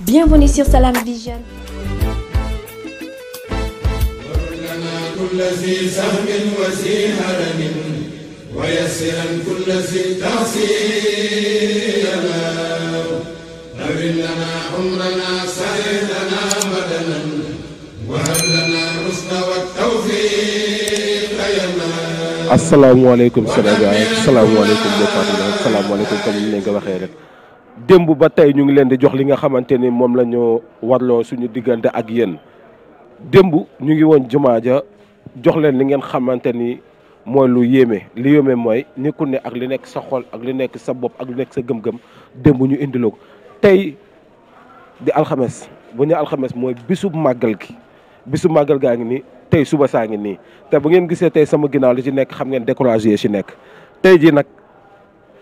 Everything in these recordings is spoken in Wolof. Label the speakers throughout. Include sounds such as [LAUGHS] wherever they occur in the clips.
Speaker 1: Bienvenue sur Salam Vision.
Speaker 2: asalaamaaleykum Sénégal asalaamaaleykum Jokalante asalaamaaleykum comme ni nga ko waxee rek. démb ba tey ñu ngi leen di jox li nga xamante ni moom la ñu warloo suñu diggante ak yéen démb ñu ngi woon jumaa ja jox leen li ngeen xamante ni mooy lu yéeme li yéeme mooy ni ku ne ak li nekk sa xool ak lu nekk sa bopp ak li nekk sa gëm-gëm démb ñu indiloo ko tey di alxames bu ñu alxames mooy bisu màggal gi bisu màggal gaa ngi nii tey suba saa ngi nii te bu ngeen gisee tey sama ginnaaw li ci nekk xam ngeen découragé ci nekk tey jii nag.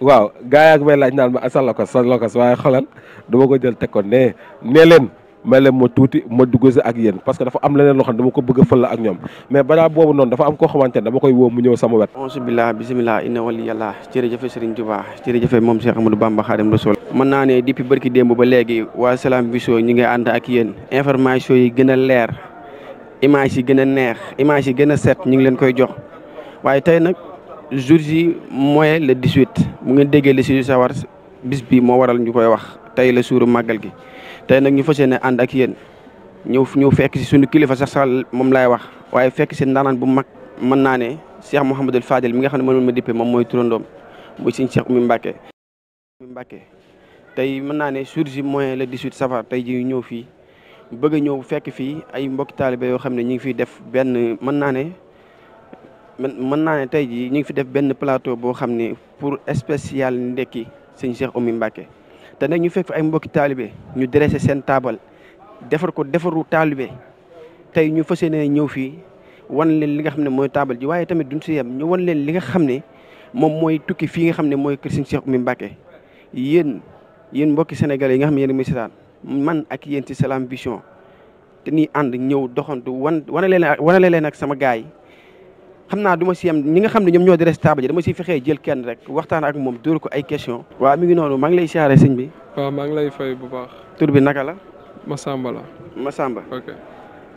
Speaker 2: waaw gaa yaa may laaj naan ma sa lokos sa lokos waaye xoolal dama ko jël teg ko nee nee leen leen ma tuuti ma dugg si ak yéen parce que dafa am leneen loo xam dama ko bëgg a fël ak ñoom mais balaa boobu noonu dafa am koo xamante ne dama koy woo mu ñëw sama wet onsu billah bisimillah inna wali yàlla
Speaker 3: jërëjëfe Serigne Touba jërëjëfe
Speaker 2: moom Cheikh Amadou Bamba Khadim Rasoul
Speaker 3: mën naa ba léegi waa Salam Vision ñi ngay ànd ak yéen information yi gën a leer image yi gën a neex image yi gën a set ñu ngi leen koy jox jours yi mooy le 18 bu ngeen déggee li si sawar bis bi moo waral ñu koy wax tey la suuru màggal gi tey nag ñu fas yéene ànd ak yéen ñëw ñëw fekk si suñu kilifa sax sax moom laay wax waaye fekk si ndaanaan bu mag mën naa ne Cheikh Mouhamadul Fadel mi nga xam ne mënoon ma dippe moom mooy turandoom muy sëñ Cheikh Oumy Mbacké mi Mbacké tey mën naa ne jour ji mooy le 18 safar tey ji ñëw fii bëgg a ñëw fekk fii ay mbokki taalibe yoo xam ne ñu ngi fiy def benn mën naa ne man mën naa ne tey jii ñu ngi fi def benn plateau boo xam ne pour spécial ndekki sëñ Cheikh Oumy Mbacké te nag ñu fekk fi ay mbokki taalibe ñu dressé seen taabal defar ko defaru taalibe tey ñu fas yéene ñëw fii wan leen li nga xam ne mooy taabal ji waaye tamit duñ si yem ñu wan leen li nga xam ne moom mooy tukki fii nga xam ne mooy kër sëñ Cheikh Oumy Mbacké yéen yéen mbokki sénégalais yi nga xam ne yéen a man ak yéen ci Salam Vision te nii ànd ñëw doxantu wan wane leen wane leen ak sama gaay xam naa du ma si yem ñi nga xam ne ñoom ñoo di restable ji dama si fexee jël kenn rek waxtaan ak moom dóor ko ay question waa mi ngi noonu maa ngi lay siyaare sëñ bi.
Speaker 4: maa ngi lay fay bu
Speaker 3: baax. tur bi la. Massamba la. Massamba ok.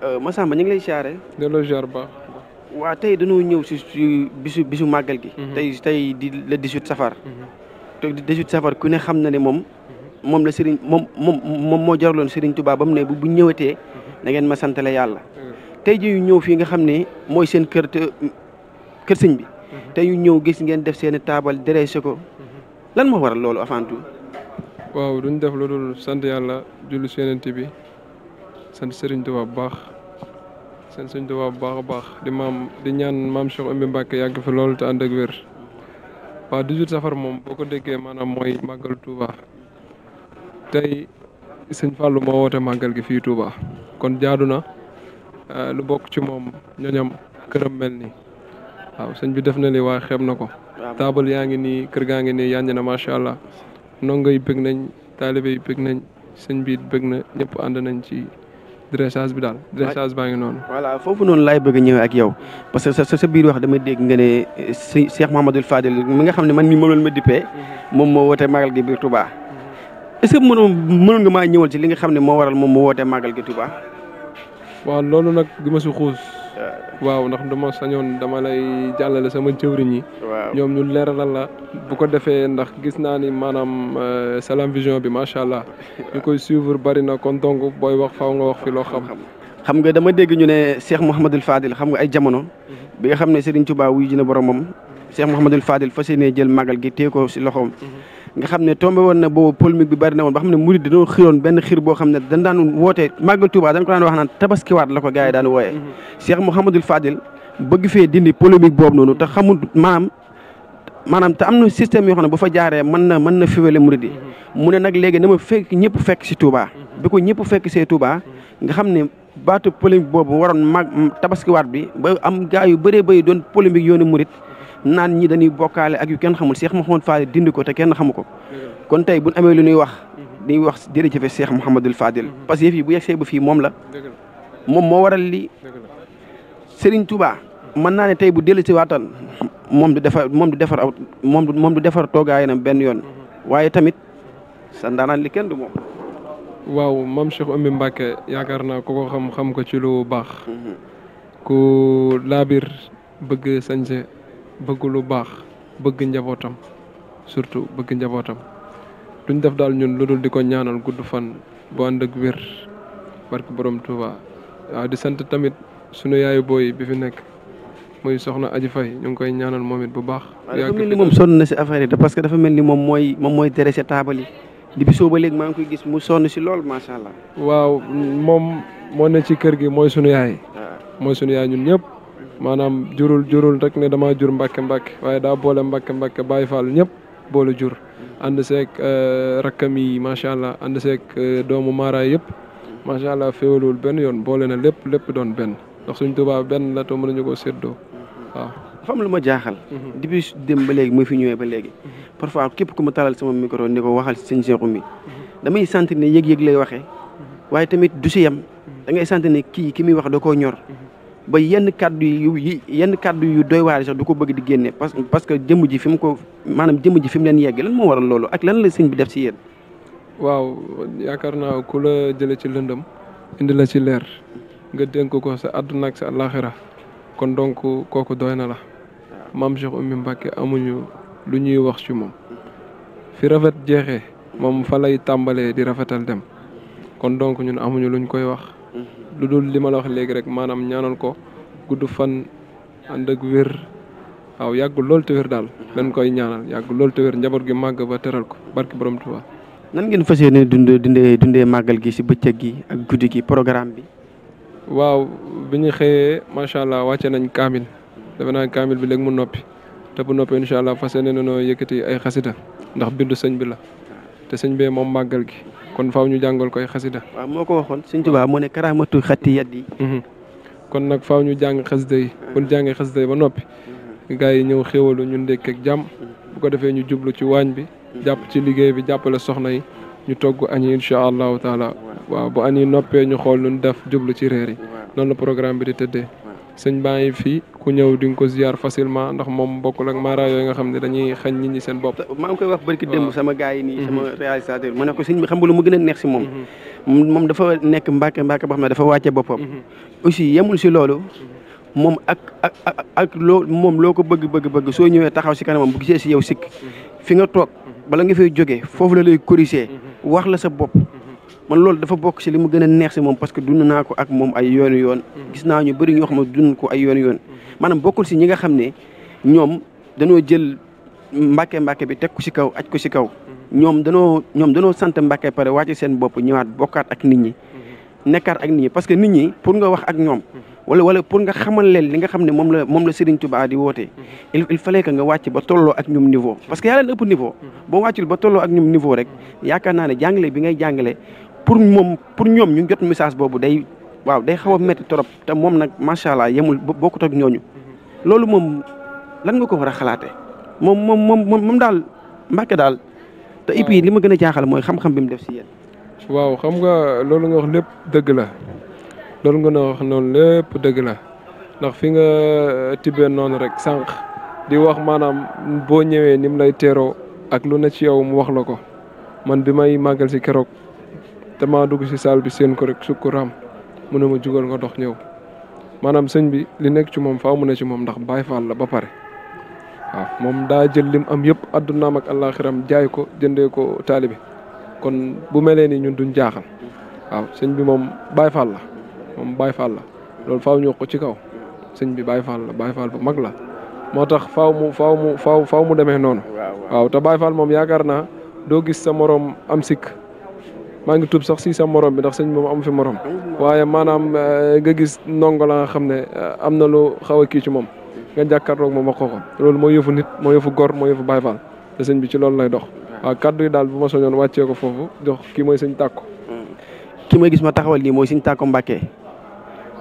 Speaker 3: Euh, Massamba ñu ngi lay siyaare. delloo ziar bu baax. waa tey dañoo ñëw si bisu bisu màggal gi. Mhm. tey tey di le 18 safar. Mhm. te 18 safar ku ne xam na ne moom. moom la Serigne moom moom moo jaraloon Serigne Touba ba mu ne bu ñëwatee. Mhm. na ngeen ma santale yàlla. tey ji ñëw fii nga xam ne mooy seen kër kër sëñ bi mhm. tey ñëw gis ngeen def seen taabal dressé ko mhm.
Speaker 4: lan moo waral loolu avant tout waaw duñ def lu dul sant yàlla jullu seenent bi sant Serigne Touba bu baax sant Serigne Touba bu baax a baax di maam di ñaan maam Cheikh Oumy Mbacke yàgg fi lool te ànd wér waaw 18 safar moom boo ko déggee maanaam mooy màggal Touba tey sëñ Fallou moo woote màggal gi fi tuuba kon jaadu na Euh, lu bokk ci moom ñoñam këram mel nii waaw sëñ bi def na li waa xeeb na ko taabal yaa ngi nii kër gaa ngi nii yàññ na macha allah ndongo yi bëgg nañ taalibe yi bëgg nañ sëñ bi bëgg na ñëpp ànd nañ ci dressage bi daal dressage baa ngi noonu
Speaker 3: voilà foofu noonu laay bëgg a ak yow parce que sa sa biir wax dama dégg nga ne eh, si Cheikh Mouhamadoul Fadel mi nga xam ne man mi moom loolu ma dippee mhm. moom moo wootee magal gi biir Touba mhm. est-ce que mënoon mënoon nga maa ñëwal ci li nga xam ne moo waral moom moo wootee magal gi Touba
Speaker 4: waaw loolu nag du ma si xuus. waaw ndax dama sañoon dama lay jàllale sama jëwriñ yi. waaw ñoom ñu leeralal la. bu ko defee ndax gis naa ni maanaam euh, Salam Vision bi macha allah. [LAUGHS] ñu koy suivre bari na kon donc booy wax faaw nga wax fi loo xam.
Speaker 3: xam nga dama dégg ñu ne Cheikh Mouhamadul Fadil xam nga ay jamono. Mhm. bi nga xam ne Serigne Touba wuyu ji na boromam. Cheikh Mouhamadul Fadil fas ne jël màggal gi téye ko si loxoom. Mhm. nga xam ne tombé woon na boobu polémique bi bari na woon ba xam ne murid dañoo xiroon benn xir boo xam ne dañ daan woote màggal Tuubaa dañ ko daan wax naan tabaskiwaat la ko gars yi daan wooyee mm-hmm. Cheikh Mouhamadul Fadil bëgg fee dindi polémique boobu noonu te xamul maanaam maanaam te am na système yoo xam ne bu fa jaaree man na mën na fiwele murid mm-hmm. mu ne nag léegi na ma fekk ñëpp fekk si Touba mm-hmm. bi ko ñëpp fekk see Touba nga xam ne baatu polémique boobu waroon mag tabaskiwaat bi ba am gaa yu bëree bëri doon polémique yoonu murid naan ñi dañuy bokkaale ak yu kenn xamul Cheikh Mouhamadou Fadil dindi ko te kenn xamu ko kon bu buñ amee lu ñuy wax dañuy wax jërëjëfe Cheikh Mouhamadou Fadil parce que yëf yi bu yegsee ba fii moom la moom moo waral li Serigne mën naa ne tey bu dellu moom du defar moom du defar aw moom du moom du defar toogaayam benn yoon mhm. waaye tamit sa ndaanaan li kenn du moom
Speaker 4: waaw maam Cheikh Oumy Mbacke yaakaar na ku ko xam xam ko ci lu baax mhm. ku laabir bëgg sañse bëggul lu baax bëgg njabootam surtout bëgg njabootam duñ def daal ñun lu dul di ko ñaanal gudd fan bu ànd ak wér barke borom Touba. di sant tamit sunu yaayu booy bi fi nekk muy soxna Aji Faye ñu ngi koy ñaanal moom it bu baax. dafa mel ni moom
Speaker 3: sonn na si affaire yi parce que dafa mel ni moom mooy moom mooy dressé taabal yi di bisoo ba léegi maa ngi koy gis mu sonn si lool macha allah.
Speaker 4: waaw moom moo ne ci kër gi mooy sunu yaay. mooy sunu yaay ñun ñëpp. maanaam jurul jurul rek ne jur mbàkke mbàkke waaye daa boole mbàkke mbàkke bàyyi faal ñëpp boole jur ànd seeg euh, rakkam yi macha allah ànd seeg euh, doomu maaraay yëpp macha allah féewalul benn yoon boole na lépp lépp doon benn ndax suñ tubaab benn la te mënuñu ko séddoo waaw. dafa am lu ma jaaxal. Mhm. depuis dem ba léegi muy fi
Speaker 3: ñëwee ba léegi. Mhm. parfois képp ku ma talal sama micro ni ko waxal si sëñ Cheikh Oumy damay sentir ne yëg-yëg lay waxe mhm. waaye tamit du si yam da ngay sentir ne kii ki muy wax da koo ñor. ba yenn kàddu yu yenn kàddu yu doy waar sax du ko bëgg di génne parce parce que jëmm ji fi mu ko maanaam jëmm ji
Speaker 4: fi mu leen yegg lan moo waral loolu ak lan la sëñ bi def si yéen. waaw yaakaar na ku la jële ci lëndëm indi la ci leer nga dénk ko sa àdduna ak sa àllaaxira kon donc kooku doy na la. maam Cheikh Oumy Mbacké amuñu lu ñuy wax ci moom. fi rafet jeexee moom fa lay tàmbalee di rafetal dem kon donc ñun amuñu luñ koy wax. lu dul li ma la wax léegi rek maanaam ñaanal ko gudd fan ànd ak wér waaw yàgg lool te wér daal dañ koy ñaanal yàgg lool te wér njaboot gi màgg ba teral ko barki borom Tuubaa
Speaker 3: nan ngeen fas yéene dund dundee dundee màggal gi si bëccëg gi ak guddi gi programme bi.
Speaker 4: waaw bi ñu xëyee macha allah wàcce nañ kaamil defe naa kaamil bi léegi mu noppi te bu noppee incha allah fa yéene nañoo yëkkati ay xasida ndax bindu sëñ bi la te sëñ bee moom màggal gi. kon faaw ñu jàngal koy xasida waaw moo ko waxoon Sëñ Tuubaa moo ne karaamatu xatti mhm. kon nag faw ñu jàng xasida yi ah. bu ñu jàngee xasida ba noppi mhm. gars yi ñëw xéwalu ñu ndekk ak jàmm mhm. bu ko defee ñu jublu ci waañ bi jàpp ci liggéey bi jàppale soxna yi ñu togg añi incha allahu taala waaw bu añi noppee ñu xool nu def jublu ci reer yi noonu programme bi di tëddee sëñ baa ngi fii ku ñëw di nga ko ziar facilement ndax moom bokkul ak yooyu nga xam ne dañuy xañ nit ñi seen bopp. maa ngi koy wax barki démb sama
Speaker 3: gars nii mhm. sama réalisateur ma
Speaker 4: ko sëñ bi xam nga lu mu a neex si mhm.
Speaker 2: moom.
Speaker 3: moom dafa nekk mbàkke mbàkke boo xam ne dafa wàcce boppam. Mhm. aussi yemul si loolu. moom ak ak ak moom loo ko bëgg bëgg bëgg soo ñëwee taxaw si kanamam bu gisee si yow sikk fi nga toog bala nga fay jógee foofu la lay corriger wax la sa bopp. man loolu dafa bokk si li mu gën a neex si moom parce que dund naa ko ak moom ay yoon yoon mm-hmm. gis naa ñu bëri ñoo xam ne ko yoon yoon mm-hmm. maanaam bokkul si ñi nga xam ne ñoom dañoo jël mbàkke mbàkke bi teg ku si kaw aj ko si kaw mm-hmm. ñoom danoo ñoom danoo sant mbàkke pare wàcc seen bopp ñëwaat bokkaat ak nit ñi nekkaat ak nit ñi parce que nit ñi pour nga wax ak ñoom wala wala pour nga xamal leen li nga xam ne moom la moom la Serigne Touba di wootee il fallait que nga wàcc ba tolloo ak ñoom niveau parce que yaa leen ëpp niveau boo wàccul ba tolloo ñoom niveau rek yaakaar naa ne jàngale bi ngay jàngale pour moom pour ñoom ñu jot message boobu day waaw day xaw a métti trop te moom nag macha allah yemul bokkut ak ñooñu loolu moom lan nga ko war a xalaatee moom moom moom moom
Speaker 4: daal Mbàkke daal.
Speaker 3: te et li ma gën a jaaxal mooy xam-xam bi mu def si yéen.
Speaker 4: waaw xam nga loolu nga wax lépp dëgg la loolu nga wax noonu lépp dëgg la ndax fi nga euh, tibbee noonu rek sànq di wax maanaam boo ñëwee ni mu lay teeroo ak lu ne ci yow mu wax la ko man bi may màggal si keroog. te maa dugg si saal bi seen ko rek sukku raam mu ne ma jugal nga dox ñëw maanaam sëñ bi li nekk ci moom faaw mu ne ci moom ndax Baay Faal la ba pare waaw moom daa jël lim am yëpp addunaam ak àllaaxiram jaay ko jëndee ko taalibe kon bu melee ni ñun duñ jaaxal waaw sëñ bi moom Baay Faal la moom Baay Faal la loolu faaw ñu ko ci kaw sëñ bi Baay Faal la Baay Faal bu mag la moo tax faaw mu faaw mu mu demee noonu waaw te Baay Faal moom yaakaar naa doo gis sa moroom am sikk maa ngi tuub sax si sa morom bi ndax sëñ moom amu fi morom waaye maanaam eh, nga gis ndongo la nga xam ne eh, am na lu xaw a kii ci moom nga jàkkaarloog moom wax ko ko loolu moo yëfu nit moo yëfu gor moo yëfu baay faal te sëñ bi ci loolu lay dox mm. waaw kàddu yi daal bu ma soñoon wàccee ko foofu jox kii mooy sëñ tàkko mm. ki may gis ma taxawal nii mooy sëñ tàkko Mbàkke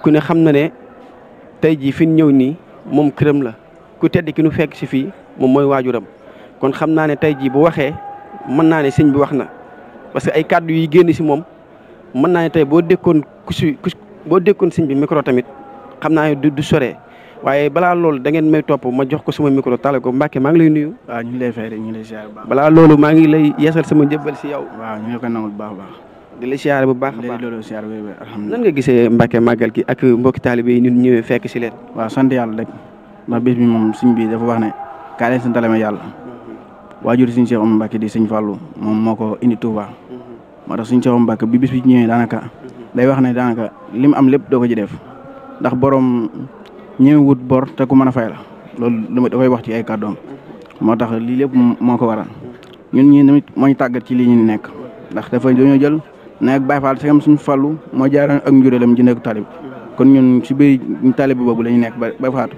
Speaker 4: ku ne xam na ne
Speaker 3: tey jii fi ñëw nii moom këram la ku tedd ki nu fekk si fii moom mooy waajuram kon xam naa ne tey jii bu waxee mën naa ne sëñ bi wax na parce que ay kàddu yi génn si moom mën naa ne tey boo dekkoon ku si boo dékkoon sëñ bi micro tamit xam naa ne du du soree waaye balaa loolu da ngeen may topp ma jox ko sama micro tale mbake Mbacke maa ngi lay nuyu.
Speaker 5: waaw ñu ñu ngi lay siyaare maa ngi lay yeesal sama njëbbal si yow. waaw ñu ngi baax
Speaker 3: baax. di bu baax a
Speaker 5: baax loolu siyaare bu
Speaker 3: baax alhamdulilah nan nga gisee Mbacke màggal gi ak mbokki taalibe yi ñun ñëwee fekk
Speaker 5: si leen. waaw sant yàlla rek ndax bés bi moom suñ bi dafa wax ne kaa leen santalema yàlla waajur suñu Cheikh Omar Mbacke di sëñ Fallou moom moo ko indi Touba moo tax suñu Cheikh Omar Mbacke bi bis bi ñëwee daanaka day wax ne daanaka li mu am lépp doo ko ci def ndax boroom ñëwee wut bor te ku man a fay la loolu dama da koy wax ci ay kàddoom moo tax lii lépp moo ko waral ñun ñii tamit moo ñu tàggat ci lii ñu nekk ndax dafa dañoo jël nag Baye Fall segam suñu fallu moo jaaroon ak njureelam ji nekk talib kon ñun si biir talib boobu la ñu nekk ba ba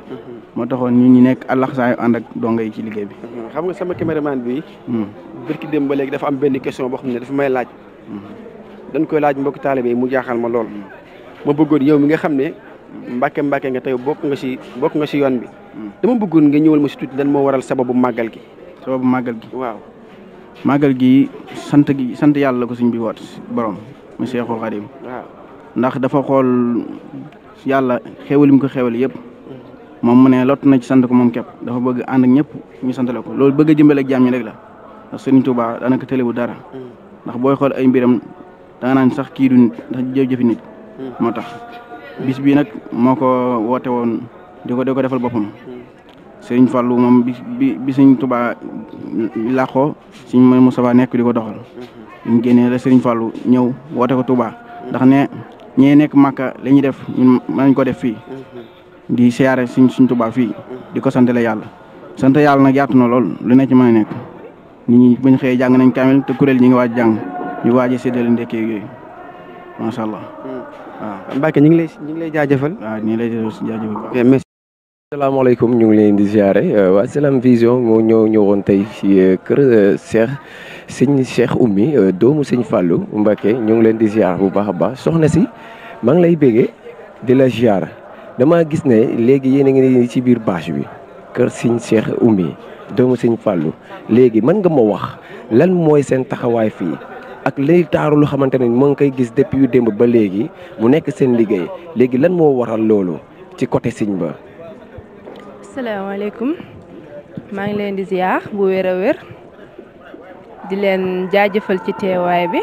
Speaker 5: moo taxoon ñu ñu nekk àllaxsaayu ànd ak donga yi ci liggéey bi. Mhm. xam nga
Speaker 3: sama caméraman bi. Hmm. bërki dem ba léegi dafa am benn question boo xam ne dafa may laaj. Hmm. dañ koy laaj mbokk taalibe yi mu jaaxal ma lool. Hmm. ma bëggoon yow mi nga xam ne mbàkke mbàkke nga tey bokk nga si bokk nga si yoon bi. dama bëggoon nga ñëwal ma si tuuti lan moo waral sababu màggal gi.
Speaker 5: sababu màggal gi waaw. màggal gi sant gi sant yàlla la ko suñ bi woot borom mu Seexul Xadim. waaw ndax dafa xool yàlla xéwal mu ko xéwal yëpp. moom mu ne lott na ci sant ko moom képp dafa bëgg ànd ak ñëpp ñu santale ko loolu bëgg a jëmbale ak jaam ñi rek la ndax Serigne Touba daanaka tëlewu dara mm. ndax booy xool ay mbiram danga sax kii du nit mm. moo tax bis bii nag moo ko woote woon di ko di ko defal boppam mm. Serigne fallu moom bi bi bi Serigne Touba làqoo Serigne mooy Moustapha nekk di ko doxal ñu mm-hmm. génnee la Serigne ñëw woote ko Touba mm-hmm. ndax ne ñee nekk Màkka li def ñun mën ko def fii mm-hmm. di siyaare suñ suñ Tuubaa fii di ko santale yàlla sant yàlla nag yaatu na lool lu ne ci mën a nekk nit ñi buñ xëyee jàng nañ kaamil te kuréel ñi ngi waaj jàng ñu waaj a séddale ndekkee yooyu macha allah. Hmm. waaw Mbacke ñu ngi lay ñu ngi lay jaajëfal. waaw ñu ngi lay
Speaker 3: jaajëfal.
Speaker 2: merci. asalaamaaleykum ñu ngi leen di ziare euh, waa Salam Vision moo ñëw ñëwoon tey ci euh, kër euh, Cheikh sëñ Cheikh Oumy doomu sëñ Fallou Mbacke ñu ngi leen di ziar bu baax a baax soxna si maa ngi lay bégee di la ziar. damaa gis ne léegi yéen a ngi ci biir bâche bi kër siñ Sëñ Cheikh Oumy doomu Sëñ Fallou léegi mën nga ma wax lan mooy seen taxawaay fii ak lay taaru lu xamante ne moo ngi koy gis depuis yu démb ba léegi mu nekk seen liggéey léegi lan moo waral loolu ci côté
Speaker 1: siñ ba. asalaamaaleykum maa ngi leen di ziar bu wér a wér di leen jaajëfal ci teewaay bi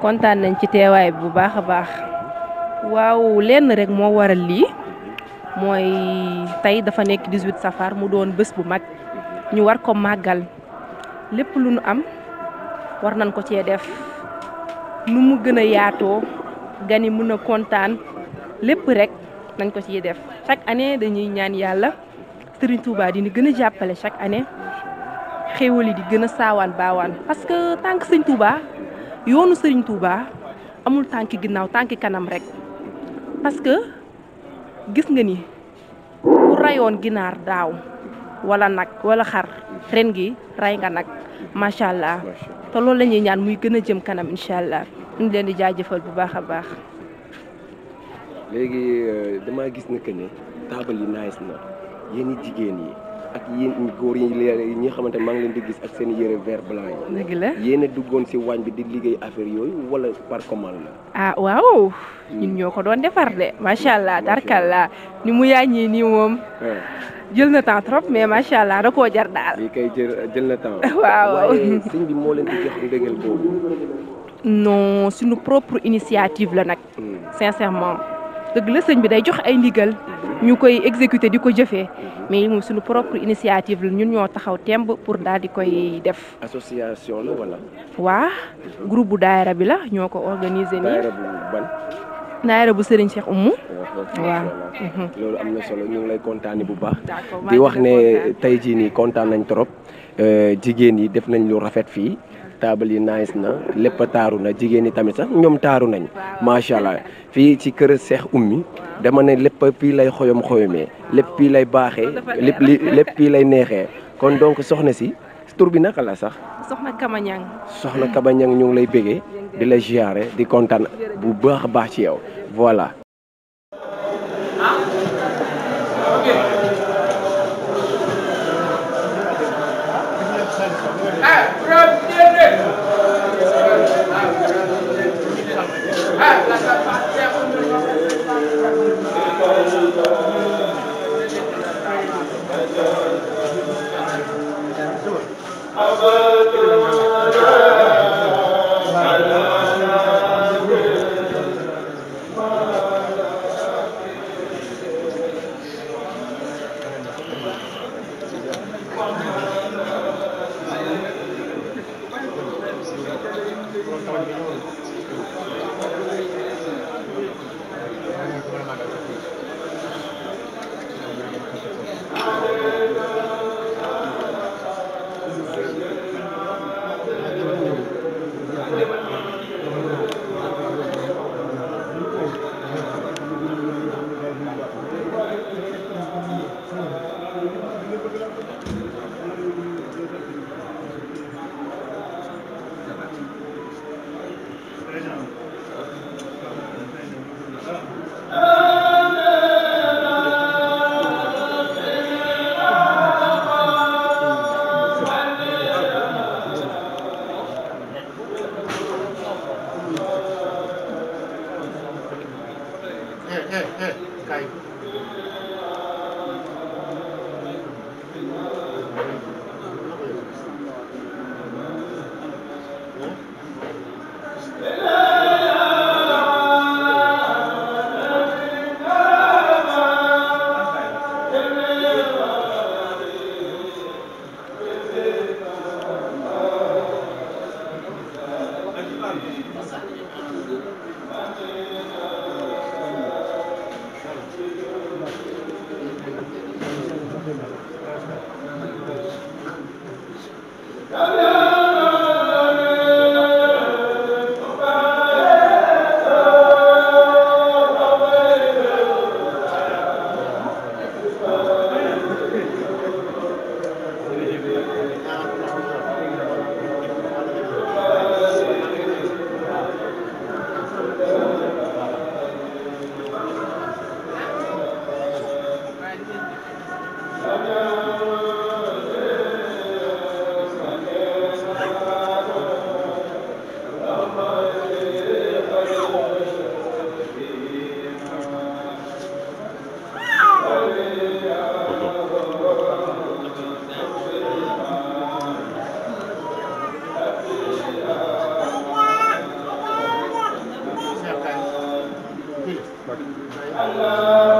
Speaker 1: kontaan nañ ci teewaay bi bu baax a baax. waaw lenn rek moo waral lii mooy tey dafa nekk 18 safar mu doon bés bu mag ñu war ko màggal lépp lu nu am war nañ ko cee def nu mu gën a yaatoo gan mun mën a kontaan lépp rek nañ ko ciy def chaque année dañuy ñaan yàlla Serigne Touba di ñu gën a jàppale chaque année xéewal yi di gën a saawaan baawaan parce que tànk Serigne Touba yoonu Serigne Touba amul tànki ginnaaw tànki kanam rek. parce que gis nga ni ku rayoon ginaar daaw wala nag wala xar ren gi ray nga nag macha allah te loolu la ñuy ñaan muy gën a jëm kanam incha allah ñu leen di jëfal bu baax a baax.
Speaker 2: léegi euh, damaa gis ne que ne taabal yi nice na yéen jigéen yi. ak yéen góor yi ñi nga xamante ne maa ngi leen di gis ak seen yére vert blanc yi. la yéen duggoon si waañ bi di liggéey affaire yooyu walla par commande la.
Speaker 1: ah waaw ñun ñoo ko doon defar de macha allah tarkalla ni mu yaaññee nii moom. Ah. jël na temps trop mais macha allah da koo jar daal. lii
Speaker 2: kay jël na temps. [LAUGHS] waaw waaye sëñ bi moo leen di jox ndégel boobu.
Speaker 1: non suñu propre initiative la nag. Hmm. sincèrement. dëgg la sëñ bi day jox ay ndigal ñu koy exécuter di ko jëfee mais moom suñu propre initiative la ñun ñoo taxaw temb pour daal di koy def. association la wala. waa groupe bu daayira bi la ñoo ko organiser nii. daayira bu sëriñ daayira bu Serigne
Speaker 2: mhm. loolu am na solo ñu lay kontaanee bu baax. di wax ne tey jii nii kontaan nañ trop euh, jigéen yi def nañ lu rafet fii. table yi nice na lépp taaru na jigéen ñi tamit sax ñoom taaru nañ macha allah fii ci kër Seex Ummi dama ne lépp fii lay xoyom xoyomee lépp fii lay baaxee lépp li lépp fii lay neexee kon donc soxna si tur bi naka la sax.
Speaker 1: soxna Kabañang. soxna
Speaker 2: Kabañang ñu ngi lay bégee di la ziare di kontaan bu baax a baax ci yow voilà.
Speaker 5: Thank you. Allahu